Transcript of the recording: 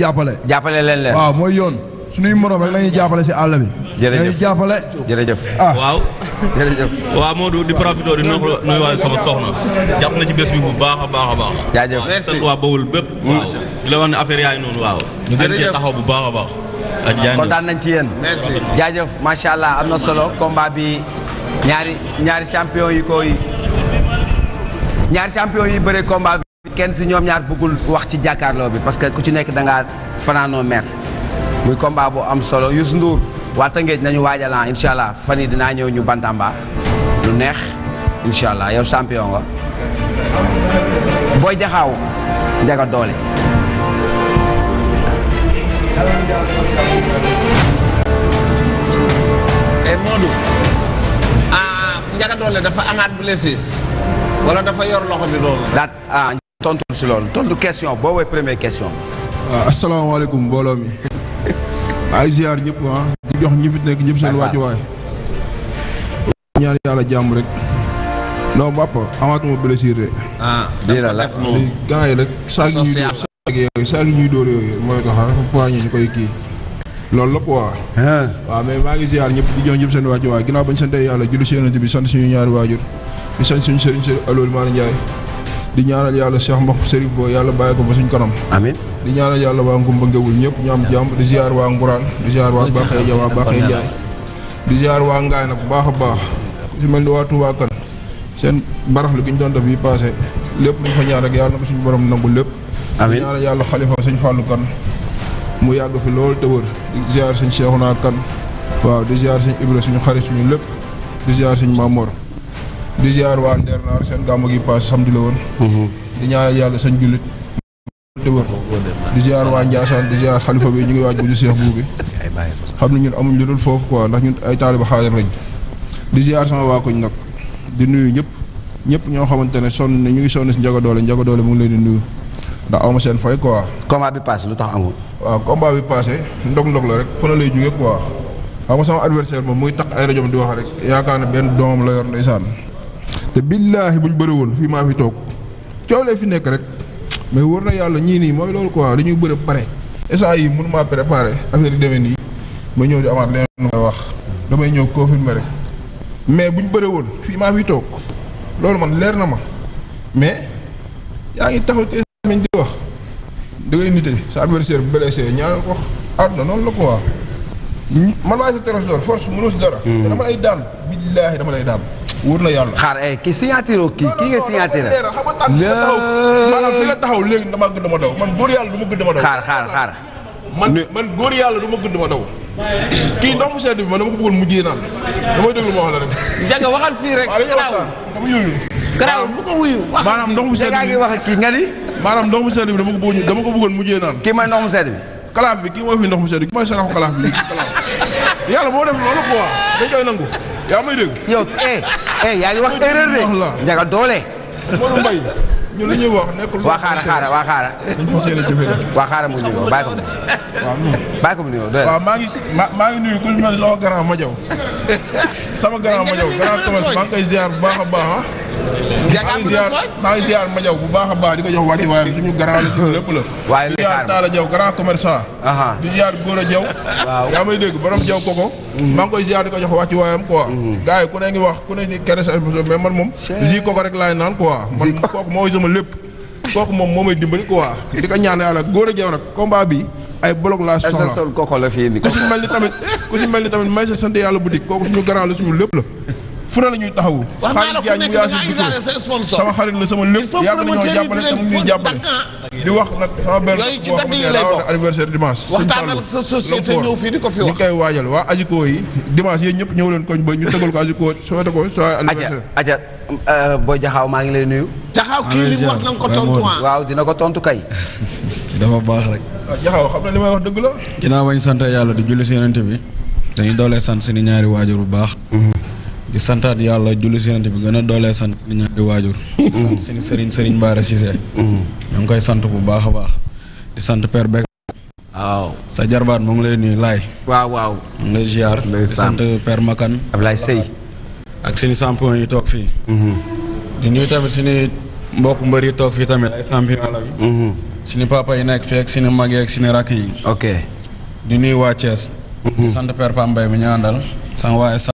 jàppale. jàppale leen leen waaw mooy yoon. suñuy moroom rek la ñuy jàppale si àll bi. jërëjëf jàppale jërëjëf ah waaw moo waaw Modou di profité di nuyu nuyuwaale sama soxna jàpp na ci bés bi bu baax a baax a baax jaajëf merci waa bawul bépp mm. waaw di la wax ne affaire yaay noonu waaw ñu gën cee taxaw bu baax a baax kontaan nañ ci yéen merci macha allah am na solo combat bi ñaari ñaari champion yi koy ñaari champion yi bëre combat kenn si ñoom ñaar bëggul wax ci jàkkaarloo bi parce que ku ci nekk da fanaanoo mer muy combat bu am solo Youssou Ndour waa Tëngéej nañu waajalan incha allah fan yi dinaa ñëw ñu bantamba lu neex incha allah yow champion nga booy jaxaaw eh, ah, njaga doole dafa amaat blessé wala dafa yor loxo bi loolu ah, tontu si loolu tontu question boo woowee première question. waaw ah, asalaamaaleykum mbooloo mi. ay ziar ñëpp ah. di jox ñi fi nekk ñëpp seen wàccuwaay. ñaan yàlla jàmm rek. non papa amaatuma blessure de. Ah, li gars yi rek. saagi ñuy dóor saag yooyu ah. kii. loolu la quoi. waaw ñëpp di jox ñëpp seen wàccuwaay bañ sante yàlla julli si yonent bi sant suñu ñaari waajur di sant suñu sëriñ si Alioune Malick Ndiaye. di ñaanal yàlla Cheikh Mbax Sëriñ Bo yàlla bàyyi ko ba suñ kanam amiin di ñaanal yàlla waa Ngumba Ngewul ñëpp ñu am jàmm di ziar waa Nguraan di ziar waa Baxee Ja waa Baxee Jaay di ziar waa Ngaay nag bu baax a baax si mel ni waa Touba Kan seen barax lu gi ñu doon def yi passé lépp lu fa ñaar rek yàlla na ko suñu borom nangu lépp amiin ñaanal yàlla xalifa sëñ Fallou Kan mu yàgg fi loolu te wër di ziar sëñ Cheikhouna Kan waaw di ziar sëñ Ibra suñu xarit suñu lépp di ziar sëñ Mamor di ziar waa Nder Naar seen gàmmu gi paas samedi la woon. Mhm. di ñaanal yàlla sañ jullit. te wër di ziar waa Ndiassane di ziar xalifa bi ñu ngi waaj bu ñu seex buubi xam ne ñun amuñ lu dul foofu quoi ndax ñun ay taaliba xaajar waa koñ nag di nuyu ñëpp ñëpp ñoo xamante ne sonn ñu ngi sonn si njaga doole njaga doole mu ngi leen di nuyu ndax awma seen fay quoi. combat bi passé lu tax amul. waaw combat bi passé ndog-ndog la rek fa la lay jugee quoi xam nga sama adversaire moom muy tax ay rajo di wax rek yaakaar ne benn doomam la yor ndeysaan te billaahi buñ bëri woon fii maa fi toog coow lee fi nekk rek mais wër na yàlla ñii nii mooy loolu quoi dañuy bëri pare. essai yi mënuma maa préparé affaire yi demee nii ma ñëw di amaat leneen lu may wax damay ñëw confirmer rek mais buñ bëri woon fii maa fi toog loolu man leer na ma mais yaa ngi taxaw ci di wax da ngay nite sa adversaire blessé ñaanal ko àdduna noonu la quoi man maa sa trésor force mënoo si dara. Hmm. dama lay daan billaahi dama lay daan. wóor na yàlla xaar ay eh, ki signature kii kii nga signature maanaam fi nga taxaw léegi dama gëdd ma daw man góor yàlla du ma gëdd ma daw xaar xaar xaar man man góor yàlla du ma kii ndox mu sedd bi man dama ko bëggoon mujjee naan damay déglu ma wax la rek jaga waxal fii rek garaawul garaawul mu sedd bi wax kii nga ni maanaam ndox mu sedd bi dama ko bëggoon ko bëggoon mujjee naan kii mooy ndox mu sedd bi kalaaf bi kii mooy fi ndox mu sedd bi mooy saraxu kalaaf bi yàlla moo def loolu quoi dañ koy nangu yaa may dégg. yow eh, eh yaa ngi wax erreur njaga doole. Modou Mbaye ñu li ñuy wax nekkul. waa xaara xaara waa xaara. dañu fas yéene jëfee. waa xaara mu nuyoo ko mu nuyoo. bàyyi doole. waaw maa ngi maa ngi nuyu ku sama grand ma jaw sama grand ma jaw grand commerce maa ngi koy baax a baax ah. maa ngi ziar maa ma jaw bu baax a baax di ko jox wàcc waaye suñu grand la suñu lépp la. waaye li a Talla Jaw grand commerçant. di ziar Gora Jaw. waaw yaa may dégg borom jaw koko. Mm-hmm. ngi koy ziar di ko jox wàcc waayam quoi. Mm-hmm. gars yi ku wax ku ne ni kere sa mais man moom. zi naan quoi. man kooku mooy lépp. kooku moom moo may dimbali quoi. di ko ñaan yàlla Gora Jaw nag combat bi. ay bloc laa soxla sol koko la fi indi. ku si mel ni tamit ku si mel ni tamit may sa sant yàlla boutique kooku suñu grand suñu lépp la fu la ñuy taxawu. wax naa la ku nekk da sa sponsor sama xarit la sama lépp yàgg wax nag sama benn yooyu ci dagg yi lay bokk anniversaire dimanche waxtaanal ñëw fii di ko fi wax waa Ajico yi dimanche yéen ñëpp ñëw leen koñ ba ñu tëgal ko Ajico souhaité ko soit anniversaire aja aja euh, booy jaxaaw maa ngi lay nuyu jaxaaw kii li mu wax na nga ko tontu waaw dina ko tontu dafa baax rek ah, jaxaaw xam na li may wax dëgg la ginnaaw bañ sant yàlla di julli si yonente bi dañuy doolee sant ni ñaari waajur bu baax mm-hmm. di santaat yàlla julli si bi gën a doolee sant suñu ñaari waajur. di mm. sant suñu Serigne Serigne Bara Cissé. Mm. ñu ngi koy sant bu baax a baax. di sant per Bek. waaw sa jarbaat mu ngi lay nuyu laay. waaw waaw. mu ngi lay ziar sant per Makan. Ablaye Sey. ak suñu champion yi toog fii. Mm-hmm. di nuyu tamit suñu mbokk mbër yi toog fii tamit ay champion la bi. Mm-hmm. suñu papa yi nekk fii ak suñu mag yi ak suñu rakk yi. ok di nuy waa Thiès. Mm-hmm. di sant Père Pambay bi ñu àndal.